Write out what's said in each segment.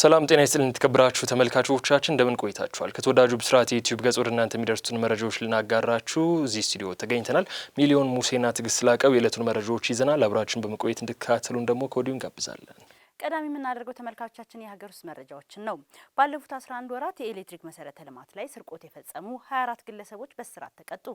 ሰላም ጤና ይስጥልን የተከበራችሁ ተመልካቾቻችን እንደምን ቆይታችኋል? ከተወዳጁ ብስራት የዩቲዩብ ገጽ ወደ እናንተ የሚደርሱትን መረጃዎች ልናጋራችሁ እዚህ ስቱዲዮ ተገኝተናል። ሚሊዮን ሙሴና ትግስት ላቀው የዕለቱን መረጃዎች ይዘናል። አብራችን በመቆየት እንድትከታተሉን ደግሞ ከወዲሁ እንጋብዛለን። ቀዳሚ የምናደርገው ተመልካቾቻችን የሀገር ውስጥ መረጃዎችን ነው። ባለፉት 11 ወራት የኤሌክትሪክ መሰረተ ልማት ላይ ስርቆት የፈጸሙ 24 ግለሰቦች በእስራት ተቀጡ።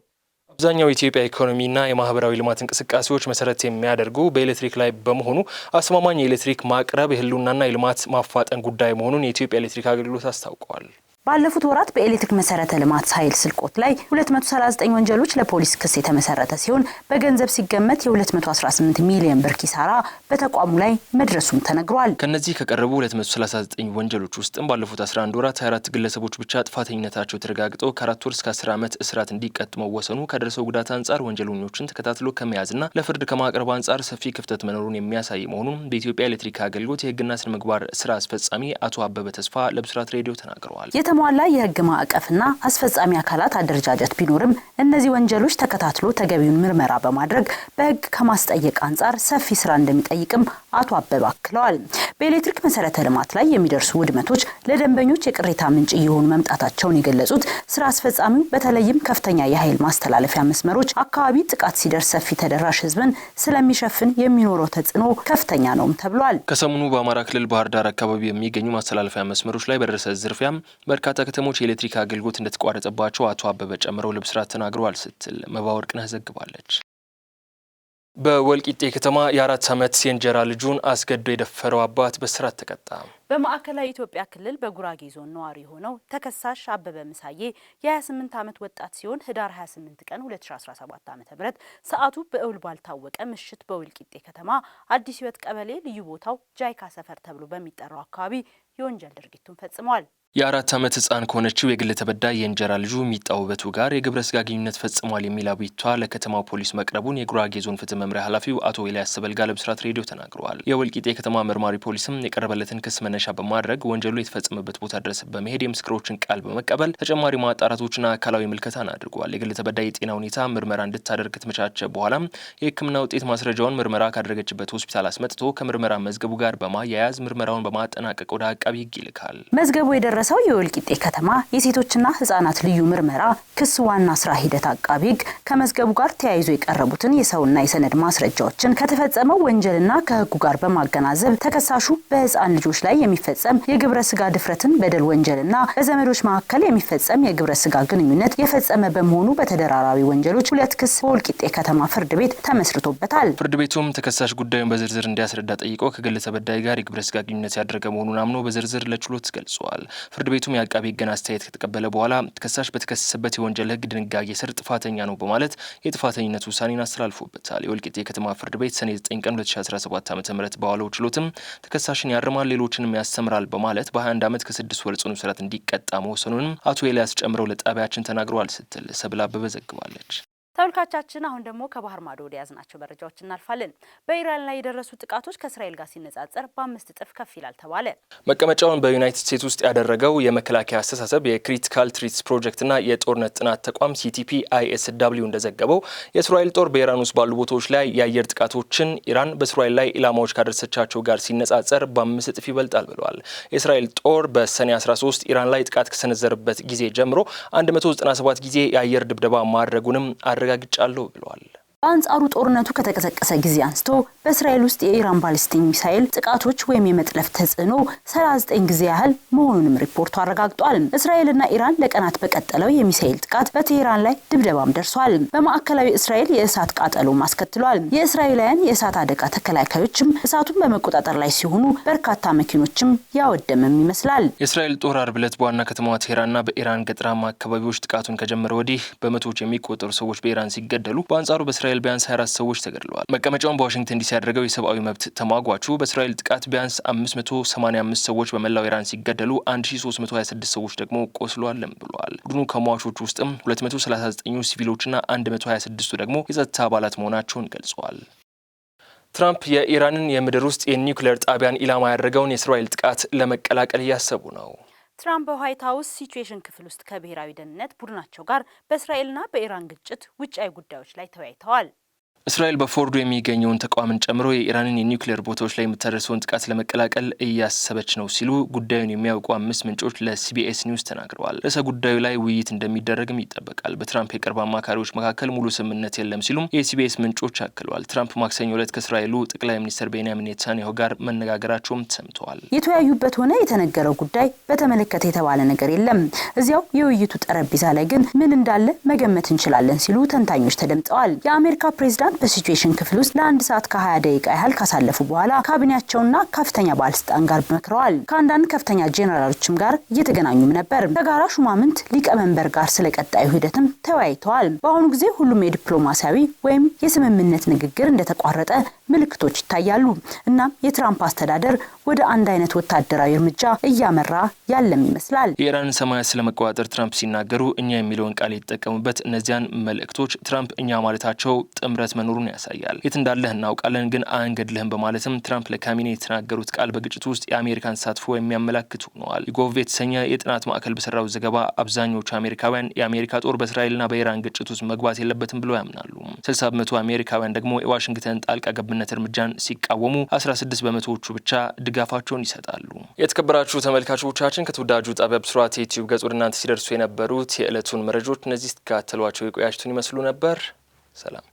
አብዛኛው የኢትዮጵያ ኢኮኖሚና የማህበራዊ ልማት እንቅስቃሴዎች መሰረት የሚያደርጉ በኤሌክትሪክ ላይ በመሆኑ አስማማኝ የኤሌክትሪክ ማቅረብ የህልውናና የልማት ማፋጠን ጉዳይ መሆኑን የኢትዮጵያ ኤሌክትሪክ አገልግሎት አስታውቀዋል። ባለፉት ወራት በኤሌክትሪክ መሰረተ ልማት ኃይል ስልቆት ላይ 239 ወንጀሎች ለፖሊስ ክስ የተመሰረተ ሲሆን በገንዘብ ሲገመት የ218 ሚሊዮን ብር ኪሳራ በተቋሙ ላይ መድረሱም ተነግሯል። ከነዚህ ከቀረቡ 239 ወንጀሎች ውስጥም ባለፉት 11 ወራት 24 ግለሰቦች ብቻ ጥፋተኝነታቸው ተረጋግጦ ከአራት ወር እስከ 10 ዓመት እስራት እንዲቀጥ መወሰኑ ከደረሰው ጉዳት አንጻር ወንጀለኞችን ተከታትሎ ከመያዝና ለፍርድ ከማቅረብ አንጻር ሰፊ ክፍተት መኖሩን የሚያሳይ መሆኑን በኢትዮጵያ ኤሌክትሪክ አገልግሎት የህግና ስነ ምግባር ስራ አስፈጻሚ አቶ አበበ ተስፋ ለብስራት ሬዲዮ ተናግረዋል። የተሟላ የህግ ማዕቀፍና አስፈጻሚ አካላት አደረጃጀት ቢኖርም እነዚህ ወንጀሎች ተከታትሎ ተገቢውን ምርመራ በማድረግ በህግ ከማስጠየቅ አንጻር ሰፊ ስራ እንደሚጠይቅም አቶ አበባ አክለዋል። በኤሌክትሪክ መሰረተ ልማት ላይ የሚደርሱ ውድመቶች ለደንበኞች የቅሬታ ምንጭ እየሆኑ መምጣታቸውን የገለጹት ስራ አስፈጻሚው በተለይም ከፍተኛ የኃይል ማስተላለፊያ መስመሮች አካባቢ ጥቃት ሲደርስ ሰፊ ተደራሽ ህዝብን ስለሚሸፍን የሚኖረው ተጽዕኖ ከፍተኛ ነውም ተብሏል። ከሰሞኑ በአማራ ክልል ባህር ዳር አካባቢ የሚገኙ ማስተላለፊያ መስመሮች ላይ በደረሰ ዝርፊያም በርካታ ከተሞች የኤሌክትሪክ አገልግሎት እንደተቋረጠባቸው አቶ አበበ ጨምረው ልብስራት ተናግረዋል ስትል መባ ዘግባለች። በወልቂጤ ከተማ የአራት ዓመት የእንጀራ ልጁን አስገድዶ የደፈረው አባት በእስራት ተቀጣ። በማዕከላዊ ኢትዮጵያ ክልል በጉራጌ ዞን ነዋሪ የሆነው ተከሳሽ አበበ ምሳዬ የ28 ዓመት ወጣት ሲሆን ህዳር 28 ቀን 2017 ዓ ም ሰዓቱ በእውል ባልታወቀ ምሽት በወልቂጤ ከተማ አዲስ ህይወት ቀበሌ ልዩ ቦታው ጃይካ ሰፈር ተብሎ በሚጠራው አካባቢ የወንጀል ድርጊቱን ፈጽሟል። የአራት ዓመት ህፃን ከሆነችው የግል ተበዳይ የእንጀራ ልጁ ሚጣ ውበቱ ጋር የግብረ ስጋ ግንኙነት ፈጽሟል የሚል አቤቱታ ለከተማው ፖሊስ መቅረቡን የጉራጌ ዞን ፍትህ መምሪያ ኃላፊው አቶ ኤልያስ ሰበልጋ ለብስራት ሬዲዮ ተናግረዋል። የወልቂጤ ከተማ መርማሪ ፖሊስም የቀረበለትን ክስ መነሻ በማድረግ ወንጀሉ የተፈጸመበት ቦታ ድረስ በመሄድ የምስክሮችን ቃል በመቀበል ተጨማሪ ማጣራቶችና አካላዊ ምልከታን አድርጓል። የግል ተበዳይ የጤና ሁኔታ ምርመራ እንድታደርግ ከተመቻቸ በኋላም የህክምና ውጤት ማስረጃውን ምርመራ ካደረገችበት ሆስፒታል አስመጥቶ ከምርመራ መዝገቡ ጋር በማያያዝ ምርመራውን በማጠናቀቅ ወደ አቃቢ ህግ ይልካል። መዝገቡ የደረ የደረሰው የወልቂጤ ከተማ የሴቶችና ህጻናት ልዩ ምርመራ ክስ ዋና ስራ ሂደት አቃቢ ህግ ከመዝገቡ ጋር ተያይዞ የቀረቡትን የሰውና የሰነድ ማስረጃዎችን ከተፈጸመው ወንጀልና ከህጉ ጋር በማገናዘብ ተከሳሹ በህፃን ልጆች ላይ የሚፈጸም የግብረ ስጋ ድፍረትን በደል ወንጀልና በዘመዶች መካከል የሚፈጸም የግብረ ስጋ ግንኙነት የፈጸመ በመሆኑ በተደራራቢ ወንጀሎች ሁለት ክስ በወልቂጤ ከተማ ፍርድ ቤት ተመስርቶበታል። ፍርድ ቤቱም ተከሳሽ ጉዳዩን በዝርዝር እንዲያስረዳ ጠይቆ ከግል ተበዳይ ጋር የግብረ ስጋ ግንኙነት ያደረገ መሆኑን አምኖ በዝርዝር ለችሎት ገልጿል። ፍርድ ቤቱም የአቃቤ ሕግን አስተያየት ከተቀበለ በኋላ ተከሳሽ በተከሰሰበት የወንጀል ህግ ድንጋጌ ስር ጥፋተኛ ነው በማለት የጥፋተኝነት ውሳኔን አስተላልፎበታል። የወልቂጤ የከተማ ፍርድ ቤት ሰኔ 9 ቀን 2017 ዓ ም በዋለው ችሎትም ተከሳሽን ያርማል፣ ሌሎችንም ያስተምራል በማለት በ21 ዓመት ከስድስት ወር ጽኑ እስራት እንዲቀጣ መወሰኑንም አቶ ኤልያስ ጨምረው ለጣቢያችን ተናግረዋል ስትል ሰብለ አበበ ዘግባለች። ተመልካቻችን አሁን ደግሞ ከባህር ማዶ ወደ ያዝናቸው መረጃዎች እናልፋለን። በኢራን ላይ የደረሱ ጥቃቶች ከእስራኤል ጋር ሲነጻጸር በአምስት እጥፍ ከፍ ይላል ተባለ። መቀመጫውን በዩናይትድ ስቴትስ ውስጥ ያደረገው የመከላከያ አስተሳሰብ የክሪቲካል ትሪትስ ፕሮጀክትና የጦርነት ጥናት ተቋም ሲቲፒ አይኤስ እንደዘገበው የእስራኤል ጦር በኢራን ውስጥ ባሉ ቦታዎች ላይ የአየር ጥቃቶችን ኢራን በእስራኤል ላይ ኢላማዎች ካደረሰቻቸው ጋር ሲነጻጸር በአምስት እጥፍ ይበልጣል ብለዋል። የእስራኤል ጦር በሰኔ 13 ኢራን ላይ ጥቃት ከሰነዘረበት ጊዜ ጀምሮ 197 ጊዜ የአየር ድብደባ ማድረጉንም አረጋግጫለሁ ብለዋል። በአንጻሩ ጦርነቱ ከተቀሰቀሰ ጊዜ አንስቶ በእስራኤል ውስጥ የኢራን ባሊስቲክ ሚሳኤል ጥቃቶች ወይም የመጥለፍ ተጽዕኖ 39 ጊዜ ያህል መሆኑንም ሪፖርቱ አረጋግጧል። እስራኤልና ኢራን ለቀናት በቀጠለው የሚሳኤል ጥቃት በቴሄራን ላይ ድብደባም ደርሷል። በማዕከላዊ እስራኤል የእሳት ቃጠሎም አስከትሏል። የእስራኤላውያን የእሳት አደጋ ተከላካዮችም እሳቱን በመቆጣጠር ላይ ሲሆኑ በርካታ መኪኖችም ያወደመም ይመስላል። የእስራኤል ጦር አርብ ዕለት በዋና ከተማዋ ቴሄራንና በኢራን ገጠራማ አካባቢዎች ጥቃቱን ከጀመረ ወዲህ በመቶዎች የሚቆጠሩ ሰዎች በኢራን ሲገደሉ በአንጻሩ በእስራኤል በእስራኤል ቢያንስ 24 ሰዎች ተገድለዋል። መቀመጫውን በዋሽንግተን ዲሲ ያደረገው የሰብአዊ መብት ተሟጓቹ በእስራኤል ጥቃት ቢያንስ 585 ሰዎች በመላው ኢራን ሲገደሉ 1326 ሰዎች ደግሞ ቆስሏልም ብሏል። ቡድኑ ከሟቾቹ ውስጥም 239 ሲቪሎችና 126ቱ ደግሞ የጸጥታ አባላት መሆናቸውን ገልጸዋል። ትራምፕ የኢራንን የምድር ውስጥ የኒውክሌር ጣቢያን ኢላማ ያደረገውን የእስራኤል ጥቃት ለመቀላቀል እያሰቡ ነው። ትራምፕ በዋይት ሀውስ ሲቹዌሽን ክፍል ውስጥ ከብሔራዊ ደህንነት ቡድናቸው ጋር በእስራኤልና በኢራን ግጭት ውጫዊ ጉዳዮች ላይ ተወያይተዋል። እስራኤል በፎርዶ የሚገኘውን ተቋምን ጨምሮ የኢራንን የኒውክሌር ቦታዎች ላይ የምታደርሰውን ጥቃት ለመቀላቀል እያሰበች ነው ሲሉ ጉዳዩን የሚያውቁ አምስት ምንጮች ለሲቢኤስ ኒውስ ተናግረዋል። ርዕሰ ጉዳዩ ላይ ውይይት እንደሚደረግም ይጠበቃል። በትራምፕ የቅርብ አማካሪዎች መካከል ሙሉ ስምምነት የለም ሲሉም የሲቢኤስ ምንጮች አክለዋል። ትራምፕ ማክሰኞ ዕለት ከእስራኤሉ ጠቅላይ ሚኒስትር ቤንያሚን ኔታንያሁ ጋር መነጋገራቸውም ሰምተዋል። የተወያዩበት ሆነ የተነገረው ጉዳይ በተመለከተ የተባለ ነገር የለም። እዚያው የውይይቱ ጠረጴዛ ላይ ግን ምን እንዳለ መገመት እንችላለን ሲሉ ተንታኞች ተደምጠዋል። የአሜሪካ ፕሬዚዳንት ሲሆን በሲቹዌሽን ክፍል ውስጥ ለአንድ ሰዓት ከ20 ደቂቃ ያህል ካሳለፉ በኋላ ካቢኔያቸውና ከፍተኛ ባለስልጣን ጋር መክረዋል። ከአንዳንድ ከፍተኛ ጄኔራሎችም ጋር እየተገናኙም ነበር። ከጋራ ሹማምንት ሊቀመንበር ጋር ስለ ቀጣዩ ሂደትም ተወያይተዋል። በአሁኑ ጊዜ ሁሉም የዲፕሎማሲያዊ ወይም የስምምነት ንግግር እንደተቋረጠ ምልክቶች ይታያሉ። እናም የትራምፕ አስተዳደር ወደ አንድ አይነት ወታደራዊ እርምጃ እያመራ ያለም ይመስላል። የኢራንን ሰማያት ስለመቆጣጠር ትራምፕ ሲናገሩ እኛ የሚለውን ቃል የተጠቀሙበት እነዚያን መልእክቶች ትራምፕ እኛ ማለታቸው ጥምረት መኖሩን ያሳያል። የት እንዳለህ እናውቃለን ግን አንገድልህም በማለትም ትራምፕ ለካሚኔ የተናገሩት ቃል በግጭቱ ውስጥ የአሜሪካን ተሳትፎ የሚያመላክት ሆነዋል። ጎቭ የተሰኘ የጥናት ማዕከል በሰራው ዘገባ አብዛኞቹ አሜሪካውያን የአሜሪካ ጦር በእስራኤልና በኢራን ግጭት ውስጥ መግባት የለበትም ብለው ያምናሉ። ስልሳ በመቶ አሜሪካውያን ደግሞ የዋሽንግተን ጣልቃ ገብነት እርምጃን ሲቃወሙ አስራ ስድስት በመቶዎቹ ብቻ ድጋፋቸውን ይሰጣሉ። የተከበራችሁ ተመልካቾቻችን ከተወዳጁ ጣቢያ ብስራት ዩቲዩብ ገጽ ወደ እናንተ ሲደርሱ የነበሩት የዕለቱን መረጃዎች እነዚህ ስትከታተሏቸው የቆያችሁትን ይመስሉ ነበር። ሰላም